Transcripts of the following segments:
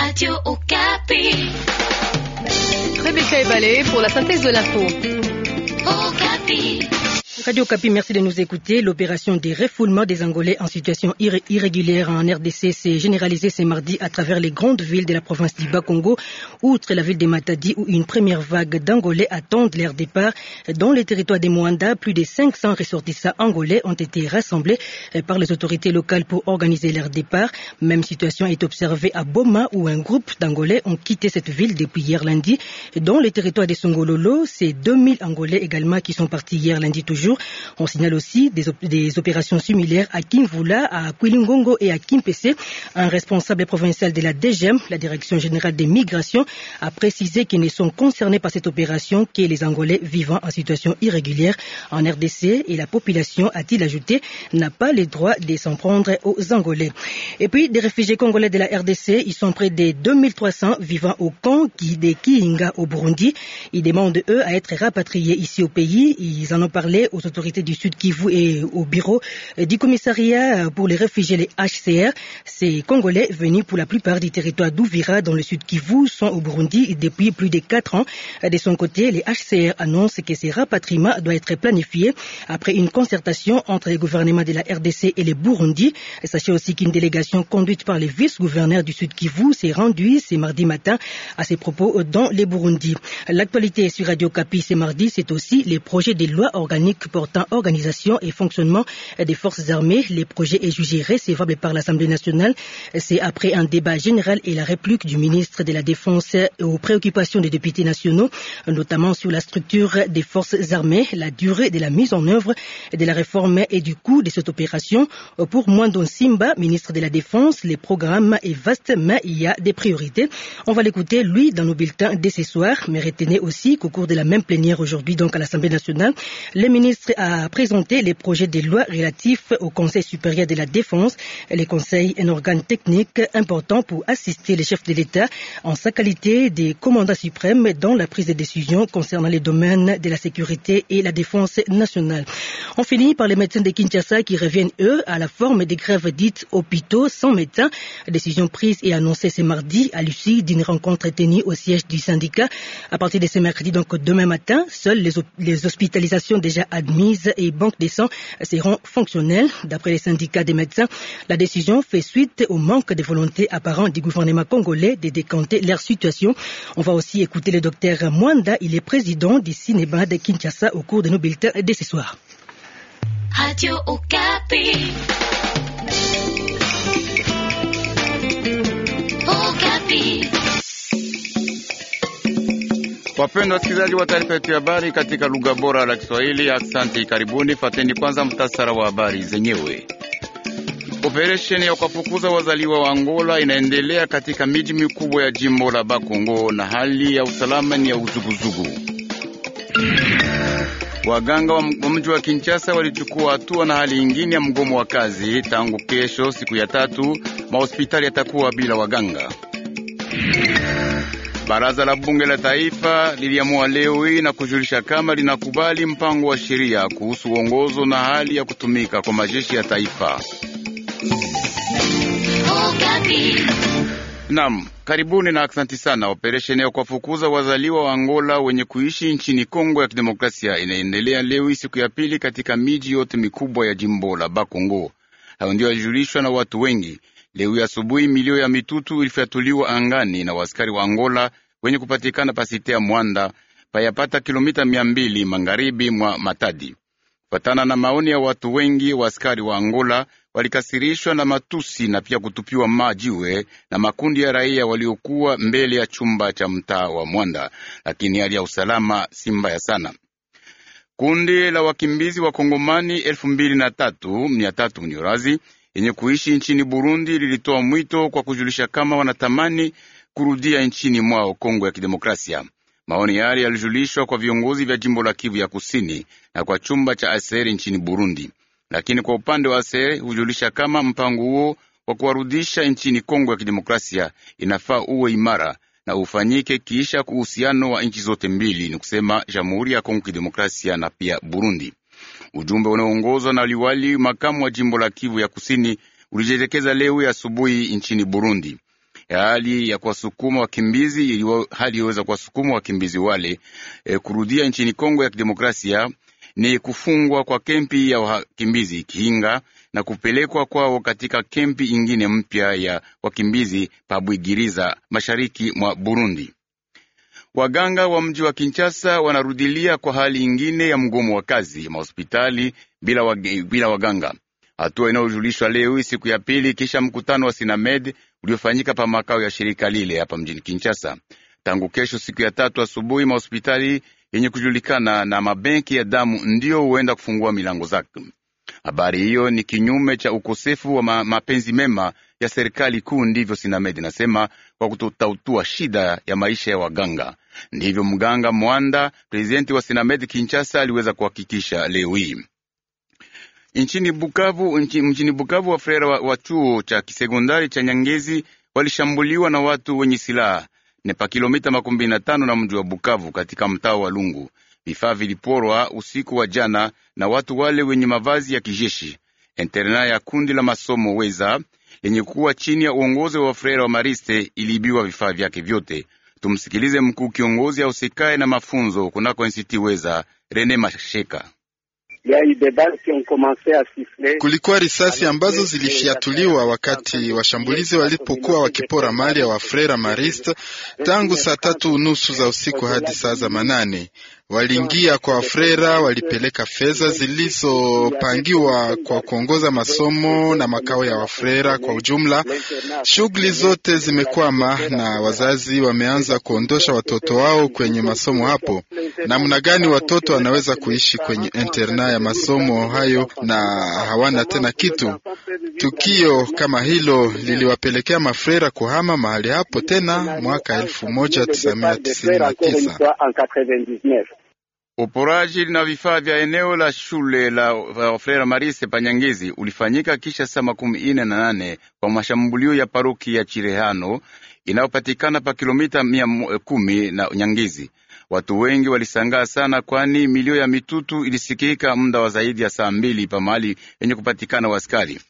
Radio Okapi. Rebecca Ballet pour la synthèse de l'info. Okapi. Radio Capi, merci de nous écouter. L'opération des refoulements des Angolais en situation irrégulière en RDC s'est généralisée ce mardi à travers les grandes villes de la province du Bas-Congo, outre la ville de Matadi où une première vague d'Angolais attendent leur départ. Dans les territoires des Moanda, plus de 500 ressortissants angolais ont été rassemblés eh, par les autorités locales pour organiser leur départ. Même situation est observée à Boma où un groupe d'Angolais ont quitté cette ville depuis hier lundi. Dans les territoires des Songololo, c'est 2000 Angolais également qui sont partis hier lundi toujours on signale aussi des, opérations similaires à Kimvula, à Kwilingongo et à Kimpese. Un responsable provincial de la DGM, la Direction générale des migrations, a précisé qu'ils ne sont concernés par cette opération que les Angolais vivant en situation irrégulière en RDC et la population, a-t-il ajouté, n'a pas le droit de s'en prendre aux Angolais. Et puis, des réfugiés congolais de la RDC, ils sont près de 2300 vivant au camp des Kiinga au Burundi. Ils demandent, eux, à être rapatriés ici au pays. Ils en ont parlé au autorités du Sud Kivu et au bureau du commissariat pour les réfugiés, les HCR. Ces Congolais venus pour la plupart du territoire d'Ouvira dans le Sud Kivu sont au Burundi depuis plus de 4 ans. De son côté, les HCR annoncent que ces rapatriements doivent être planifiés après une concertation entre les gouvernements de la RDC et les Burundi. Sachez aussi qu'une délégation conduite par les vice-gouverneurs du Sud Kivu s'est rendue ce mardi matin à ses propos dans les Burundi. L'actualité sur Radio Capi ce mardi, c'est aussi les projets des lois organiques portant organisation et fonctionnement des forces armées. Les projets est jugé recevable par l'Assemblée nationale. C'est après un débat général et la réplique du ministre de la Défense aux préoccupations des députés nationaux, notamment sur la structure des forces armées, la durée de la mise en œuvre de la réforme et du coût de cette opération. Pour Mwandon Simba, ministre de la Défense, les programmes est vaste, mais il y a des priorités. On va l'écouter, lui, dans nos bulletins dès ce soir, mais retenez aussi qu'au cours de la même plénière aujourd'hui, donc à l'Assemblée nationale, les ministres a présenté les projets de loi relatifs au Conseil supérieur de la défense. Le Conseil est un organe technique important pour assister les chefs de l'État en sa qualité de commandant suprême dans la prise de décision concernant les domaines de la sécurité et la défense nationale. On finit par les médecins de Kinshasa qui reviennent, eux, à la forme des grèves dites hôpitaux sans médecins. Décision prise et annoncée ce mardi à l'issue d'une rencontre tenue au siège du syndicat. À partir de ce mercredi, donc demain matin, seules les, hospitalisations déjà admises et banques de sang seront fonctionnelles. D'après les syndicats des médecins, la décision fait suite au manque de volonté apparent du gouvernement congolais de décanter leur situation. On va aussi écouter le docteur Mwanda. Il est président du cinéma de Kinshasa au cours de nos bulletins de ce soir. Radio Okapi. Okapi. Wapendwa wasikilizaji wa taarifa yetu ya habari katika lugha bora la Kiswahili, asante, karibuni. Fateni kwanza mtasara wa habari zenyewe. Operesheni ya kuwafukuza wazaliwa wa Angola inaendelea katika miji mikubwa ya jimbo la Bakongo na hali ya usalama ni ya uzuguzugu. Waganga wa mji wa Kinshasa walichukua hatua na hali nyingine ya mgomo wa kazi. Tangu kesho, siku ya tatu, mahospitali yatakuwa bila waganga. Baraza la bunge la taifa liliamua leo hii na kujulisha kama linakubali mpango wa sheria kuhusu uongozo na hali ya kutumika kwa majeshi ya taifa. Oh, Naam, karibuni na asanti sana. Operesheni ya kuwafukuza wazaliwa wa Angola wenye kuishi nchini Kongo ya Kidemokrasia inaendelea leo siku ya pili katika miji yote mikubwa ya jimbo la Bakongo. Hayo ndio yajulishwa na watu wengi leo asubuhi. Milio ya mitutu ilifyatuliwa angani na waskari wa Angola wenye kupatikana pasitea Mwanda payapata kilomita mia mbili magharibi mwa Matadi. Kufatana na maoni ya watu wengi, waskari wa Angola walikasirishwa na matusi na pia kutupiwa majiwe na makundi ya raia waliokuwa mbele ya chumba cha mtaa wa Mwanda, lakini hali ya usalama si mbaya sana. Kundi la wakimbizi wa Kongomani elfu mbili na tatu mia tatu mniorazi yenye kuishi nchini Burundi lilitoa mwito kwa kujulisha kama wanatamani kurudia nchini mwao Kongo ya Kidemokrasia. Maoni yale yalijulishwa kwa viongozi vya jimbo la Kivu ya Kusini na kwa chumba cha aseri nchini Burundi lakini kwa upande wa ASR hujulisha kama mpango huo wa kuwarudisha nchini Kongo ya Kidemokrasia inafaa uwe imara na ufanyike kiisha uhusiano wa nchi zote mbili, ni kusema Jamhuri ya Kongo Kidemokrasia na pia Burundi. Ujumbe unaoongozwa na liwali makamu wa jimbo la Kivu ya Kusini ulijielekeza leo ya asubuhi nchini Burundi. E, hali ya kuwasukuma wakimbizi, hali iliweza kuwasukuma wakimbizi wale e, kurudia nchini Kongo ya Kidemokrasia ni kufungwa kwa kempi ya wakimbizi Kihinga na kupelekwa kwao katika kempi ingine mpya ya wakimbizi Pabwigiriza, mashariki mwa Burundi. Waganga wa mji wa Kinshasa wanarudilia kwa hali ingine ya mgomo wa kazi mahospitali bila, wag bila waganga, hatua inayojulishwa leo siku ya pili kisha mkutano wa Sinamed uliofanyika pa makao ya shirika lile hapa mjini Kinshasa. Tangu kesho siku ya tatu asubuhi, mahospitali yenye kujulikana na mabenki ya damu ndiyo huenda kufungua milango zake. Habari hiyo ni kinyume cha ukosefu wa ma mapenzi mema ya serikali kuu, ndivyo Sinamed inasema kwa kutotautua shida ya maisha ya waganga. Ndivyo mganga Mwanda, prezidenti wa Sinamed Kinshasa, aliweza kuhakikisha leo hii nchini Bukavu. Nchini Bukavu, wafrera wa, wa chuo cha kisekondari cha Nyangezi walishambuliwa na watu wenye silaha ni pa kilomita makumi mbili na tano na mji wa Bukavu katika mtaa wa Lungu. Vifaa viliporwa usiku wa jana na watu wale wenye mavazi ya kijeshi. Interna ya kundi la masomo weza lenye kuwa chini ya uongozi wa Frere wa Mariste iliibiwa vifaa vyake vyote. Tumsikilize mkuu kiongozi ausikaye na mafunzo kunako nct weza Rene Masheka. Kulikuwa risasi ambazo zilifiatuliwa wakati washambulizi walipokuwa wakipora mali ya wafrera marist tangu saa tatu nusu za usiku hadi saa za manane. Waliingia kwa wafrera, walipeleka fedha zilizopangiwa kwa kuongoza masomo na makao ya wafrera kwa ujumla. Shughuli zote zimekwama na wazazi wameanza kuondosha watoto wao kwenye masomo hapo namna gani watoto wanaweza kuishi kwenye interna ya masomo hayo na hawana tena kitu. Tukio kama hilo liliwapelekea Mafrera kuhama mahali hapo tena mwaka 1999. Uporaji na vifaa vya eneo la shule la frera Marise Panyangizi ulifanyika kisha saa makumi ine na nane kwa mashambulio ya paruki ya Chirehano inayopatikana pa kilomita mia kumi na Nyangizi. Watu wengi walishangaa sana, kwani milio ya mitutu ilisikika muda wa zaidi ya saa mbili pa mahali yenye kupatikana waskari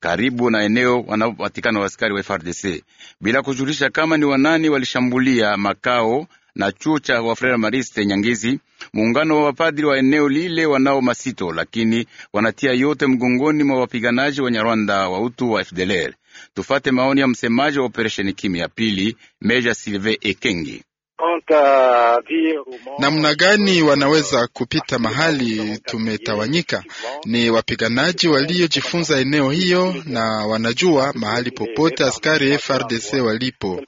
karibu na eneo wanaopatikana waskari wa FRDC, bila kujulisha kama ni wanani walishambulia makao na chuo cha Wafrera Mariste Nyangizi, muungano wa wapadri wa eneo lile wanao masito, lakini wanatia yote mgongoni mwa wapiganaji wa Nyarwanda wa utu wa FDLR. Tufate maoni ya msemaji wa operesheni kimya ya pili, Meja Silve Ekengi namna gani wanaweza kupita mahali tumetawanyika. Ni wapiganaji waliojifunza eneo hiyo na wanajua mahali popote askari FRDC walipo,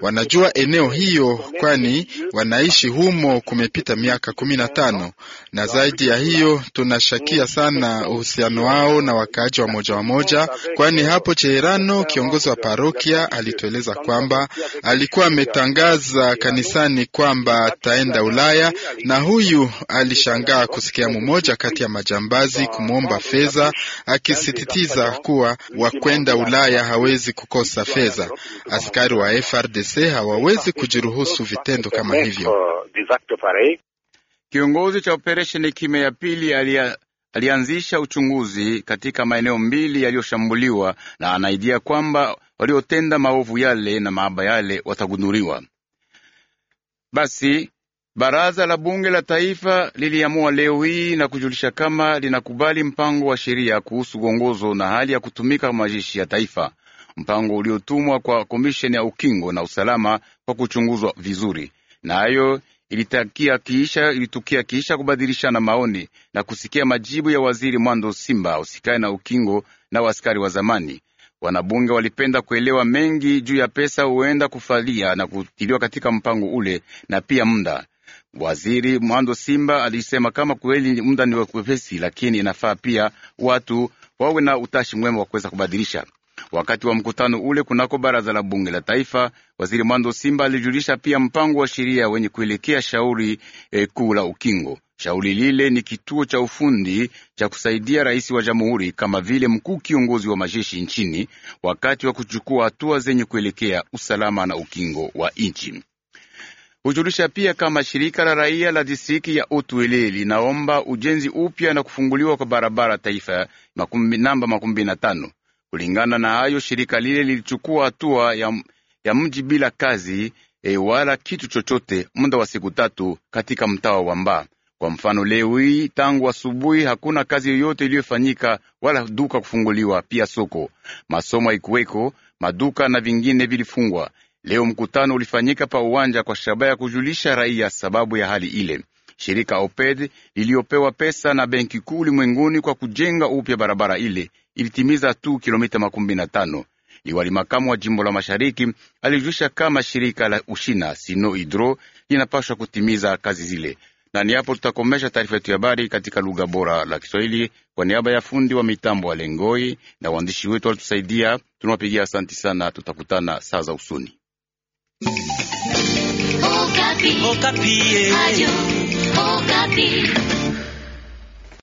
wanajua eneo hiyo, kwani wanaishi humo kumepita miaka kumi na tano na zaidi ya hiyo. Tunashakia sana uhusiano wao na wakaaji wa moja wa moja, kwani hapo Cheherano kiongozi wa parokia alitueleza kwamba alikuwa ametangaza kanisa kanisani kwamba ataenda Ulaya, na huyu alishangaa kusikia mmoja kati ya majambazi kumwomba fedha, akisisitiza kuwa wakwenda Ulaya hawezi kukosa fedha. Askari wa FRDC hawawezi kujiruhusu vitendo kama hivyo. Kiongozi cha operesheni kime ya pili alia alianzisha uchunguzi katika maeneo mbili yaliyoshambuliwa na anaidia kwamba waliotenda maovu yale na maaba yale watagunduliwa. Basi baraza la bunge la taifa liliamua leo hii na kujulisha kama linakubali mpango wa sheria kuhusu uongozo na hali ya kutumika majeshi ya taifa, mpango uliotumwa kwa komisheni ya ukingo na usalama kwa kuchunguzwa vizuri. Nayo na ilitakia kiisha, ilitukia kiisha kubadilishana maoni na kusikia majibu ya waziri Mwando Simba usikae na ukingo na waskari wa zamani Wanabunge walipenda kuelewa mengi juu ya pesa huenda kufalia na kutiliwa katika mpango ule na pia muda. Waziri Mwando Simba alisema kama kweli muda ni wakwepesi, lakini inafaa pia watu wawe na utashi mwema wa kuweza kubadilisha Wakati wa mkutano ule kunako baraza la bunge la taifa, waziri Mwando Simba alijulisha pia mpango wa sheria wenye kuelekea shauri eh, kuu la ukingo shauli lile ni kituo cha ufundi cha kusaidia rais wa jamhuri kama vile mkuu kiongozi wa majeshi nchini wakati wa kuchukua hatua zenye kuelekea usalama na ukingo wa nchi. Hujulisha pia kama shirika la raia la distriki ya Otuele linaomba ujenzi upya na kufunguliwa kwa barabara taifa makumbi, namba makumi na tano. Kulingana na hayo, shirika lile lilichukua hatua ya, ya mji bila kazi e, wala kitu chochote muda wa siku tatu katika mtaa wa Mbaa. Kwa mfano, leo hii tangu asubuhi hakuna kazi yoyote iliyofanyika wala duka kufunguliwa, pia soko, masomo haikuweko, maduka na vingine vilifungwa. Leo mkutano ulifanyika pa uwanja kwa shabaha ya kujulisha raia sababu ya hali ile. Shirika OPED liliyopewa pesa na benki kuu ulimwenguni kwa kujenga upya barabara ile ilitimiza tu kilomita makumi na tano. Liwali makamu wa jimbo la mashariki alijulisha kama shirika la Ushina Sino Hidro linapaswa kutimiza kazi zile na ni hapo tutakomesha taarifa yetu ya habari katika lugha bora la Kiswahili. Kwa niaba ya fundi wa mitambo lengoi na waandishi wetu walitusaidia, tunawapigia asanti sana. Tutakutana saa za usuni. Okapi. Okapi. Eh. Okapi.